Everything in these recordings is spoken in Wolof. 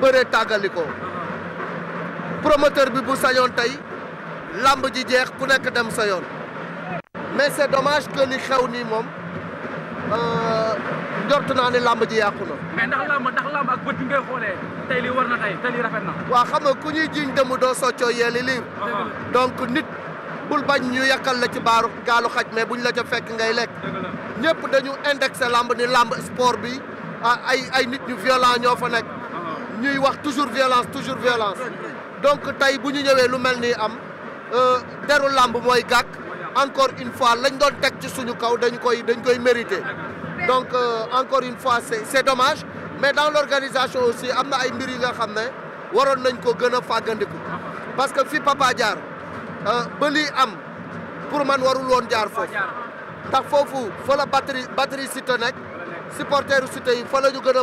bëré tagaliko promoteur bi bu sañon tay lamb ji jeex ku nek dem sa yoon mais c'est dommage que ni xew ni mom euh njort na ni lamb ji yàqu mais ndax lamb ndax lamb ak bët ngey xolé tay li lii war na tey tey lii rafet na. wa xam nga ku ñuy jiñ demu doo soccoo yeli li donc nit bul bañ ñu yakal la ci baaru galu xaj mais buñ la ca fekk ngay lek ñepp dañu indexer lamb ni lamb sport bi ah, ay ay nit ñu violent ñoo fa nekk. ñuy wax toujours violence toujours violence donc tay bu ñu ñëwee lu melni am euh deru lamb moy gak encore une fois lañ doon tek ci suñu kaw dañ koy dañ koy mérité donc euh, encore une fois c'est c'est dommage mais dans l'organisation aussi amna ay mbir yi nga xamné waron nañ ko gëna a parce que fi papa jaar euh, ba li am pour man warul won jaar fofu tax fofu fa la batterie batterie cité nekk supporteru cité yi fa la ñu gën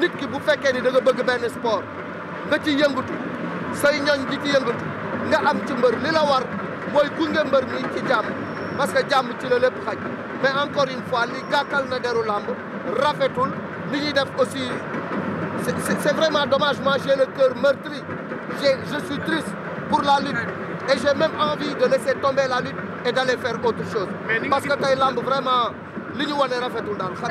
nit ki bu fekkee ni da nga bëgg benn sport nga ci yëngatu say ñoñ di ci yëngatu nga am ci mbër li la war mooy gunge mbër mi ci jàmm parce que jàmm ci la lépp xaj mais encore une fois li gàkkal na deru làmb rafetul li ñuy def aussi c'est c'est vraiment dommage moi j'ai le cœur meurtri j'ai je suis triste pour la lutte et j'ai même envie de laisser tomber la lutte et d'aller faire autre chose parce que tey làmb vraiment li ñu wane rafetul daal xar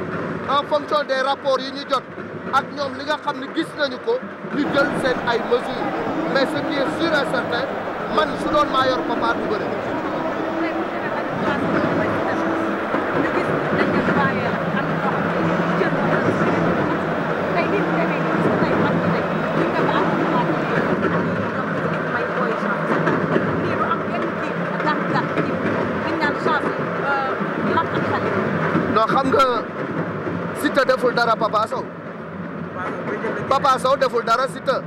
en fonction des rapports yi ñu jot ak ñoom li nga xam ne gis nañu ko ñu jël seen ay mesures mais ce qui est sûr et man su doon maa yor Fapal du bëri. xam nga. Siteu deful dara Papa Sow Papa Sow deful dara Siteu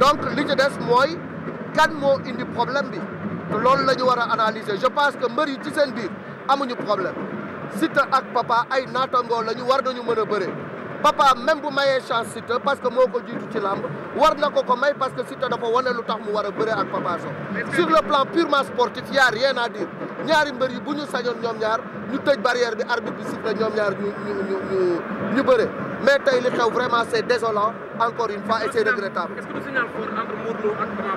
donc li ci des mooy kan moo indi problème bi te loolu la ñu war a analyser je pense que mbër yi ci seen biir amuñu problème Siteu ak Papa ay naatangoo la ñu war nañu mën a bëree papa même bu maye chance Siteu parce que moko ko jiitu ci làmb war nako ko may parce que Siteu dafa woné lutax mu wara beure ak Papa so sur le plan purement sportif y a rien à dire ñaari mbeur yi buñu sañon ñom ñaar ñu tëj barrière bi arbitre bi siffle ñom ñaar ñu ñu ñu ñu bëre mais tay li xew vraiment c'est désolant encore une fois et c'est regrettable. est-ce que du signal fort entre Modou Lô ak Ama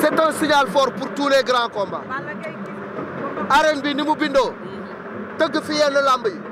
c'est un signal fort pour tous les grands combats. arène bi ni mu bindo teug fi yenn làmb yi.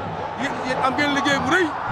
I'm getting to get ready.